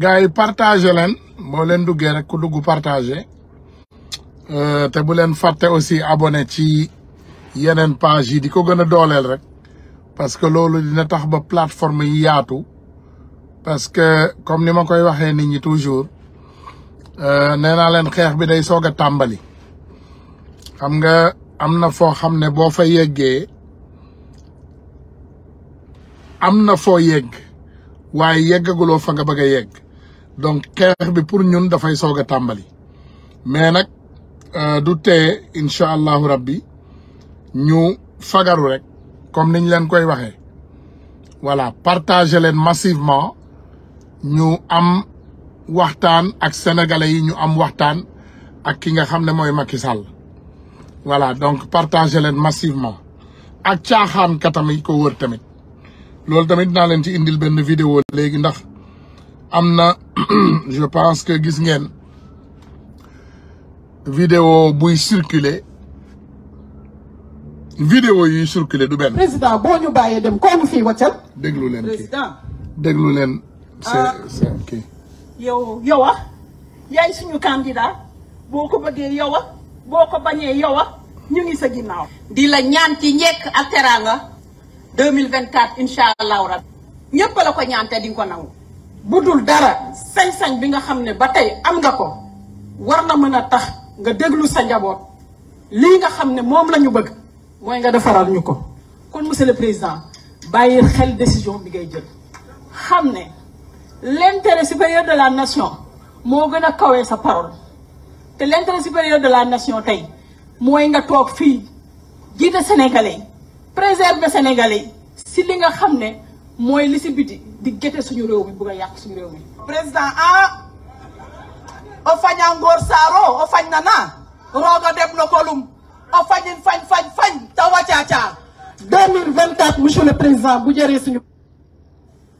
gars yi partagé leen boo leen duggee rek ku dugg partagé euh, te bu leen fàtte aussi abonné ci yeneen page yi di ko gën a dooleel rek parce que loolu dina tax ba plateforme yi yaatu parce que comme ni ma koy waxee nit ñi toujours euh, nee naa leen xeex bi day soog a tàmbali xam nga am na foo xam ne boo fa yeggee am na foo yegg waaye yeggaguloo fa nga bëgg a yegg donc xeex bi pour ñun dafay soog tàmbali mais nag euh, du tee incha allahu rabbi ñu fagaru rek comme niñ leen koy waxee voilà partager leen massivement ñu am waxtaan ak sénégalais yi ñu am waxtaan ak ki nga xam ne mooy Macky Sall voilà donc partager leen massivement ak caaxaan katam yi ko wër tamit loolu tamit naa leen ci indil benn vidéo léegi ndax am na je pense que gis ngeen vidéo buy circuler vidéo yuy circuler du benn. président boo ñu bàyyee dem koo ñu fii wàccal. déglu leen kii déglu leen. Ah. c'est c'est kii. yow yow ah, yaay suñu candidat boo ko bëggee yow ah, boo ko bañee yow ñu ngi sa ginnaaw. di la ñaan ci njekk ak teraanga 2024 ko ñaan te ko nangu. bu dul dara sañ-sañ bi nga xam ne ba tey am nga ko war na mën a tax nga déglu sa njaboot lii nga xam ne moom la ñu bëgg mooy nga defaral ñu ko kon monsieur le président bàyyi xel décision bi ngay jël xam ne l'intérêt supérieur de la nation moo gën a kawee sa parole te l'intérêt supérieur de la nation tey mooy nga toog fii jiite sénégalais préserver sénégalais si li nga xam ne mooy li si biti di gete suñu réew mi bugg a yàq suñu réew mi président ah! a o faña ngoor saaro o na naa rooga dem no kolum o fañin fañ fañ fañ président bu jëree suñu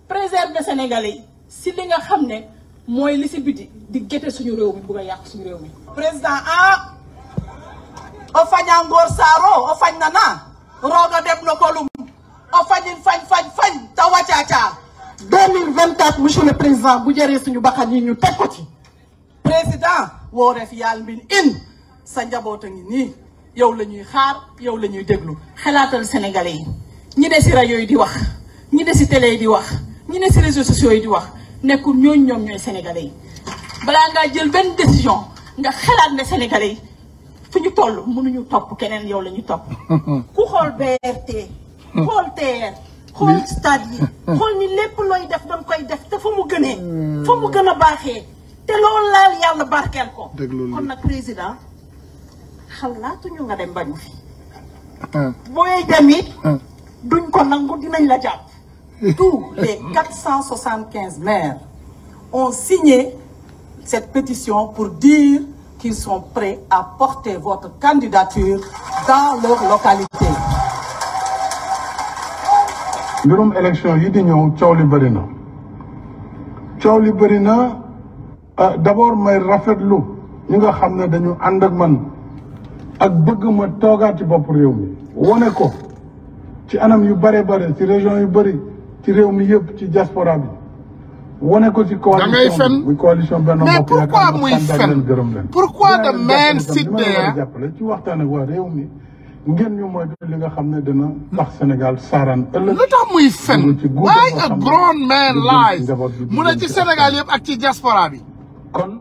préserver sénégalais yi si li nga xam ne mooy li si di gete suñu réew mi a yàq suñu réew mi président ah! a o faña ngoor dem no kolum o oh, fañin fañ fañ fañ te wàccaacaar 2024 monsieur le président bu jëree suñu baxan yi ñu teg ko ci président woo ref yàlla mbin in sa njaboot a ngi nii yow la ñuy xaar yow la ñuy déglu xalaatal sénégalais yi ñi ne si rajo yi di wax ñi ne si télé yi di wax ñi ne si réseaux sociaux yi di wax nekkul ñooñu ñoom ñooy sénégalais yi balaa ngaa jël benn décision nga xalaat ne sénégalais yi fu ñu toll mënuñu topp keneen yow la ñu topp ku xool BRT Mm. xool TER xool mm. stade yi mm. xool ni lépp looy def danga koy def te fa mu gënee fa mu gën a baaxee te loolu laal yàlla barkeel ko kon nag président xalaatuñu nga dem bañu fi booy dem it duñ ko nangu dinañ la jàpp tous les quatre cent soixante quinze maires ont signé cette pétition pour dire qu'ils sont prêts à porter votre candidature dans leur localité mbirum élection yi di ñëw coow li bari na coow li bari na ah, d'abord may rafetlu ñi nga xam ne dañu ànd ak man ak bëgg ma toogaati bopp réew mi wane ko ci anam yu bare bare ci région yu bari ci réew mi yëpp ci diaspora bi wone ko ci coalition muy coalition benn bopp yaakaar naa leen gërëm leen pourquoi the da sit there jàppale ci waxtaan ak waa réew mi ngeen ñu mooy li nga xam ne dina tax Sénégal saaraan ëllëg. lu tax muy fen why a grown man lies mu ne ci Sénégal yëpp ak ci diaspora bi. kon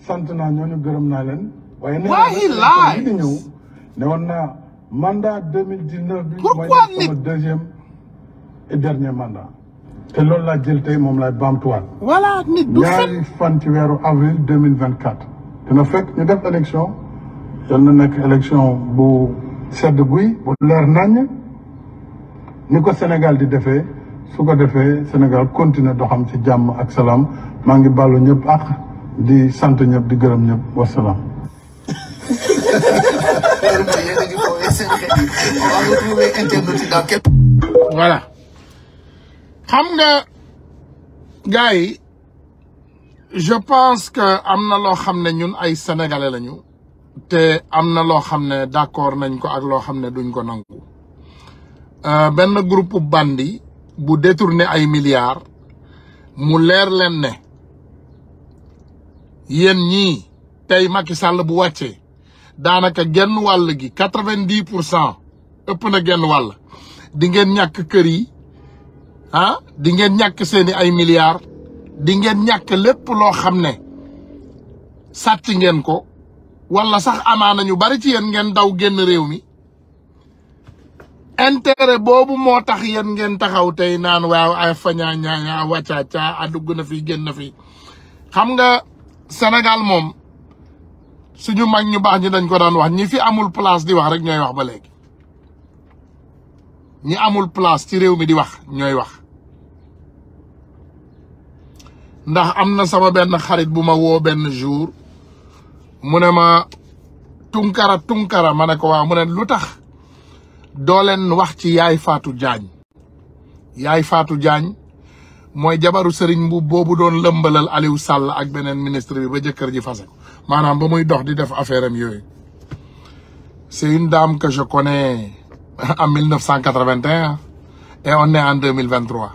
sant naa ñooñu gërëm naa leen. waaye nee naa di ñëw ne woon naa mandat deux mille dix neuf nit deuxième et dernier mandat. te loolu laa jël tey moom laay baamtuwaat. voilà nit du fen ñaari fan ci weeru avril deux mille vingt quatre. dina fekk ñu def élection. yal na nekk élection bu. sedd guy bu leer naññ ni ko Sénégal di defee su ko defee Sénégal continuer doxam ci jàmm ak salaam maa ngi bàllu ñëpp ak di sant ñëpp di gërëm ñëpp wa xam nga gars yi je pense que am na loo xam ne ñun ay sénégalais lañu. te am na loo xam ne d'accord nañ ko ak loo xam ne duñ ko nangu euh, benn groupe bandi bu détourné ay milliards mu leer leen ne yéen ñii tey Macky Sall bu wàccee daanaka genn wàll gi quatre vingt pour cent ëpp na genn wàll di ngeen ñàkk kër yi ah di ngeen ñàkk seeni ay milliards di ngeen ñàkk lépp loo xam ne sàcc ngeen ko wala sax amaana ñu bari ci yéen ngeen daw génn réew mi intérêt boobu moo tax yéen ngeen taxaw tey naan waaw ay fañaa ñaañaa wàccaacaa adugg na fi génn fi xam nga Sénégal moom suñu mag ñu baax ñi dañ ko daan wax ñi fi amul place di wax rek ñooy wax ba léegi ñi amul place ci réew mi di wax ñooy wax ndax am na sama benn xarit bu ma woo benn jour mu ne ma tunkara tunkara ma ne ko waaw mu ne lu tax doo leen wax ci yaay Fatou Diagne yaay Fatou Diagne mooy jabaru sëriñ bu boobu doon lëmbalal Aliou Sall ak beneen ministre bi ba jëkkër ji fase ko maanaam ba muy dox di def affaire am yooyu c'est une dame que je connais en 1981 et on est en 2023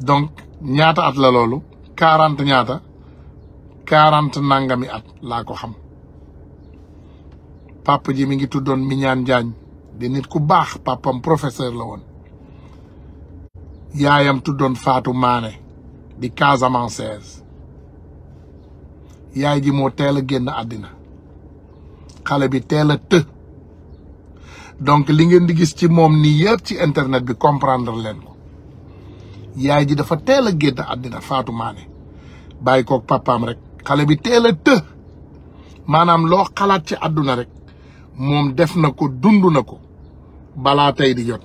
donc ñaata at la loolu quarante ñaata quarante nangami at laa ko xam papa ji mu ngi tuddoon Mignane Diagne di nit ku baax papam professeur la woon yaayam tuddoon faatu Mané di Casamançaise yaay ji moo teel a génn àddina xale bi teel të donc li ngeen di gis ci moom nii yëpp ci internet bi comprendre leen ko yaay ji dafa teel a génn àddina Fatou Mané bàyyi koog papaam rek xale bi teel të maanaam loo xalaat ci àdduna rek moom def na ko dund na ko balaa tey di jot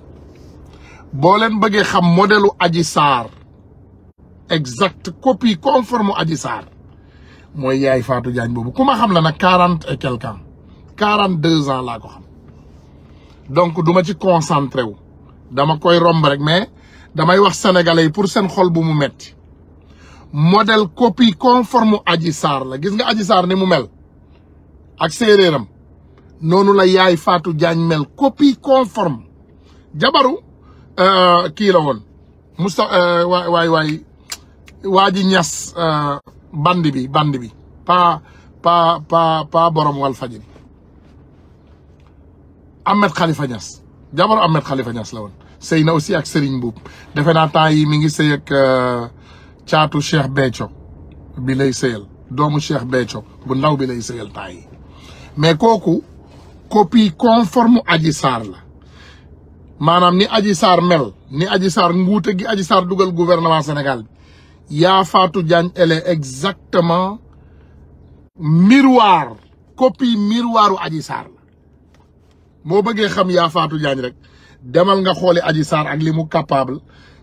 boo leen bëggee xam modèlu Adji Sarr exact copie conforme aji Sarr mooy yaay Fatou Diagne boobu ku ma xam la nag quarante et quelque ans quarante deux laa ko xam donc duma ci concentré wu dama koy romb rek mais damay wax sénégalais yi pour seen xol bu mu metti modèle copie conforme Adji Sarr la gis nga Adji Sarr ni mu mel ak séeréeram noonu la yaay Fatou Diagne mel copie conforme jabaru euh, kii la euh, waay waay waay waa ji ñas euh, band bi band bi pa pa pa pa borom wal fajiri Ahmed Khalifa Niass jabaru Ahmed Khalifa Niass la woon na aussi ak Serigne Mboup defe naa temps yi mi ngi sëy caatu Cheikh Béthio bi lay sëyal doomu Cheikh Béthio bu ndaw bi lay sëyal temps yi mais kooku copie conforme Adji Sarr la maanaam ni aji Sarr mel ni Adji Sarr nguute gi Adji Sarr dugal gouvernement senegal bi yaa Fatou Diagne elle est exactement miroir copie miroiru Adji Sarr la moo bëggee xam yaa Fatou Diagne rek demal nga xooli Adji Sarr ak li mu capable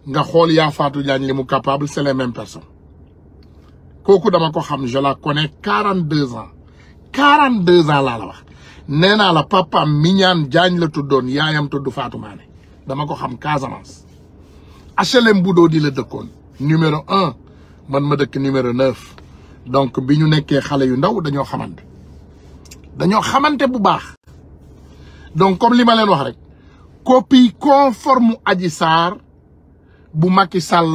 nga xool Yaa Fatou Diagne li mu capable c'est les mêmes kooku dama ko xam je la connais quarante deux ans quarante deux ans laa la wax nee naa la papa Mignane jaañ la tuddoon yaayam tudd Fatou Mané dama ko xam Casamance HLM bu di la dëkkoon numéro un man ma dëkk numéro neuf donc bi ñu nekkee xale yu ndaw dañoo xamante dañoo xamante bu baax donc comme li ma leen wax rek copie conforme Adji Sarr bu Macky Sall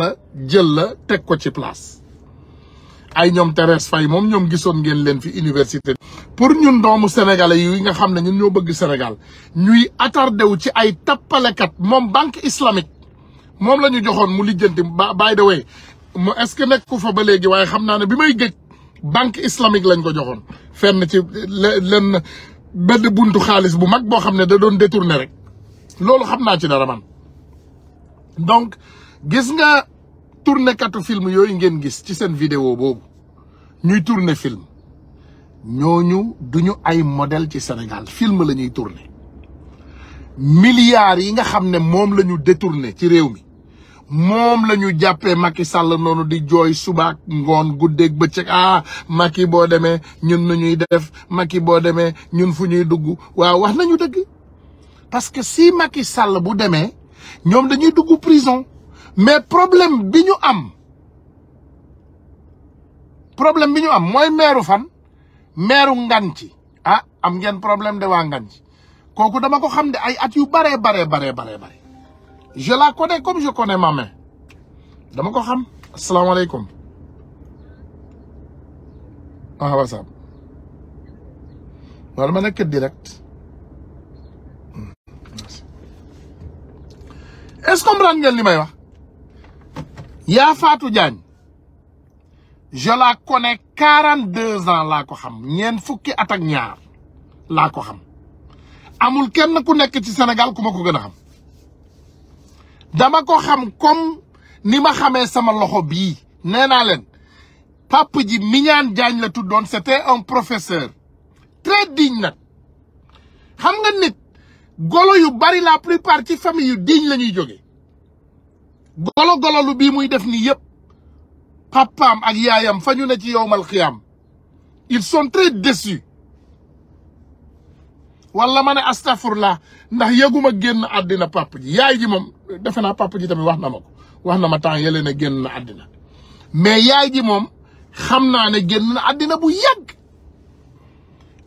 jël la teg ko ci place ay ñoom Thérèse Faye moom ñoom gisoon ngeen leen fi université. pour ñun doomu sénégalais yi nga xam ne ñun ñoo bëgg Sénégal ñuy attardé wu ci ay tappalekat moom banque islamique moom la ñu joxoon mu lijjanti by the way mu est-ce que nekku fa ba léegi waaye xam naa ne bi may géej banque islamique lañ ko joxoon fenn ci lenn benn buntu xaalis bu mag boo xam ne da doon détourné rek loolu xam naa ci dara man donc. gis nga tourné katu film yooyu ngeen gis ci seen vidéo boobu ñuy tourné film ñooñu duñu ay modèle ci Sénégal film la ñuy tourné milliards yi nga xam ne moom la ñu détourné ci réew mi moom la ñu jàppee Macky sàll noonu di jooy subaak ngoon guddeeg bëccëg ah Macky boo demee ñun nañuy ñuy def Macky boo demee ñun fu ñuy dugg waaw wax nañu dëgg parce que si Macky sàll bu demee ñoom dañuy dugg prison mais problème bi ñu am problème bi ñu am mooy meeru fan meeru Nganthi ah am ngeen problème de waa Nganthi kooku dama ko xam ne ay at yu baree baree baree baree bare je la connais je connais ma dama ko xam asalaamaaleykum ah wasaab wala ma nekk direct hmm, est-ce que ngeen li may wax yaa Fatou Diagne je kone connais quarante deux ans laa ko xam ñeent fukki at ñaar laa ko xam amul kenn ku nekk ci senegal ku ma ko gën a xam dama ko xam comme ni ma xamee sama loxo bii nee naa leen papa ji Mignane Diagne la tuddoon c'était un professeur très digne nag xam nga nit golo yu bari la plupart ci famille yu digne la ñuy golo gololu bii muy def nii yëpp papaam ak yaayam fa ñu ne ci yowmal xiyaam il sont très déçus wala ma ne astafurlah ndax yëguma génn àddina papa yaay ji moom defe naa papa ji tamit wax na ma ko wax na ma temps yële ne génn na àddina mais yaay ji moom xam naa ne génn na àddina bu yàgg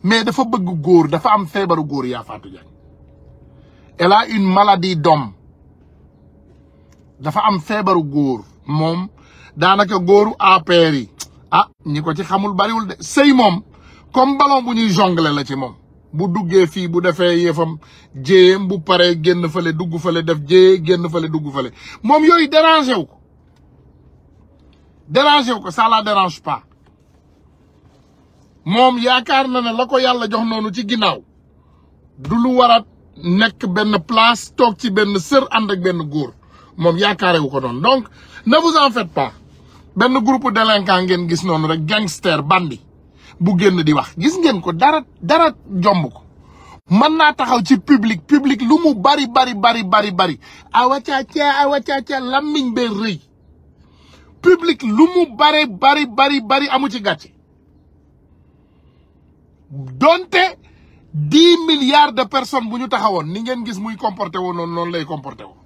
mais dafa bëgg góor dafa am feebaru góor yaa Fatou Diagne une maladie d'homme dafa am feebaru góor moom daanaka góoru APR yi ah ñi ko ci xamul bariwul de sëy moom comme ballon bu ñuy jongle la ci moom bu duggee fii bu defee yëfam jéem bu paree génn fale dugg fale def jéye génn fale dugg fale moom yooyu dérangé wu ko dérangé wu ko ça la dérange pas moom yaakaar na ne la ko yàlla jox noonu ci ginnaaw du lu war a nekk benn place toog ci benn sër ànd ak benn góor moom yaakaarewu ko doon donc ne vous en faites pas benn groupe délinquant ngeen gis noonu rek gangster bandi bu génn di wax gis ngeen ko dara dara jomb ko mën naa taxaw ci public public lu mu bari bari bari bari bari awacaaca awacaaca lammiñ bee rëy public lu mu bare bari bari bari amu ci gàcce donte dix milliards de personnes bu ñu taxawoon ni ngeen gis muy comporté woo noon noonu lay comporté woo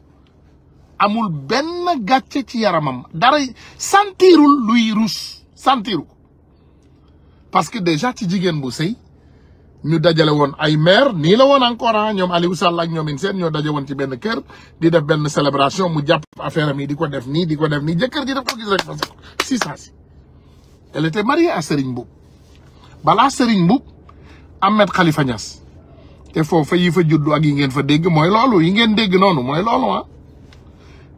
amul benn gàcce ci yaramam dara sentirul luy ruus sentiru ko parce que déjà ci jigéen bu sëy ñu dajale woon ay maire nii la woon encore ah, ñoom Aliou Sall ak ñoom in seen ñoo daje woon ci benn kër di def benn célébration mu jàpp affaire am yi di ko def nii di ko def nii jëkkër ji def ko gis rek fas si saa si elle était mariée à Serigne Mboup balaa Serigne am Ahmed xalifa ñas te foofa yi fa juddu ak yi ngeen fa dégg mooy loolu yi ngeen dégg noonu mooy loolu ah.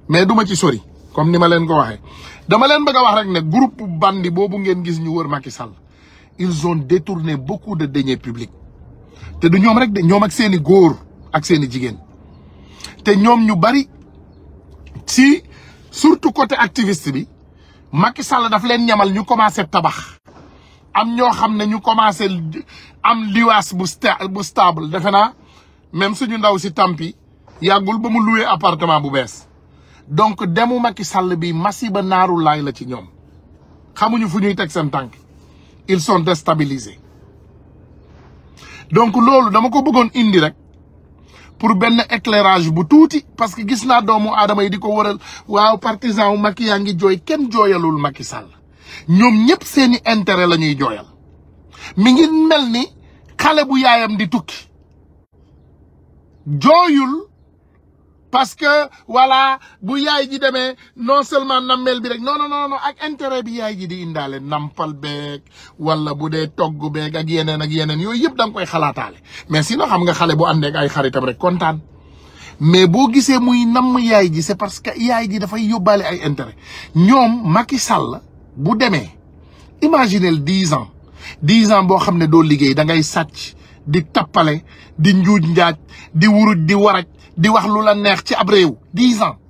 mais duma ci sori comme ni ma leen ko waxee dama leen bëgg a wax rek ne groupe bandi boobu ngeen gis ñu wër Macky Sall ils ont détourné beaucoup de deniers publics te du ñoom rek de ñoom ak seeni góor ak seeni jigéen te ñoom ñu bari si surtout côté activiste bi Macky Sall daf leen ñamal ñu commencé tabax am ñoo xam ne ñu commencé am liwaas bu bu stable defe naa même suñu ndaw si tampi yàggul ba mu loué appartement bu bees donc demu Macky Sall bi masiba naaru laay la ci ñoom xamuñu fu ñuy teg seen tànk ils sont déstabilisés donc loolu dama ko bëggoon indi rek pour benn éclairage bu tuuti parce que gis naa doomu aadama yi di ko waral waaw partisan wu Macky yaa ngi jooy kenn jooyalul Macky sàll ñoom ñëpp seeni intérêt la ñuy jooyal mu ngi mel ni xale bu yaayam di tukki jooyul parce que voilà bu yaay ji demee non seulement nammeel bi rek non non non ak intéret bi yaay ji di indaale nampal beeg wala bu dee togg beeg ak yeneen ak yeneen yooyu yëpp da nga koy xalaataale mais si sinon xam nga xale bu àndee ak ay xaritam rek kontaan. mais boo gisee muy namm yaay ji c'est parce que yaay ji dafay yóbbaale ay intérêt ñoom Macky Sall bu demee imaginel dix ans dix ans boo xam ne doo liggéey da ngay sàcc di tappale di njuuj njaaj di wuruj di waraj di wax lu la neex ci ab réew dix ans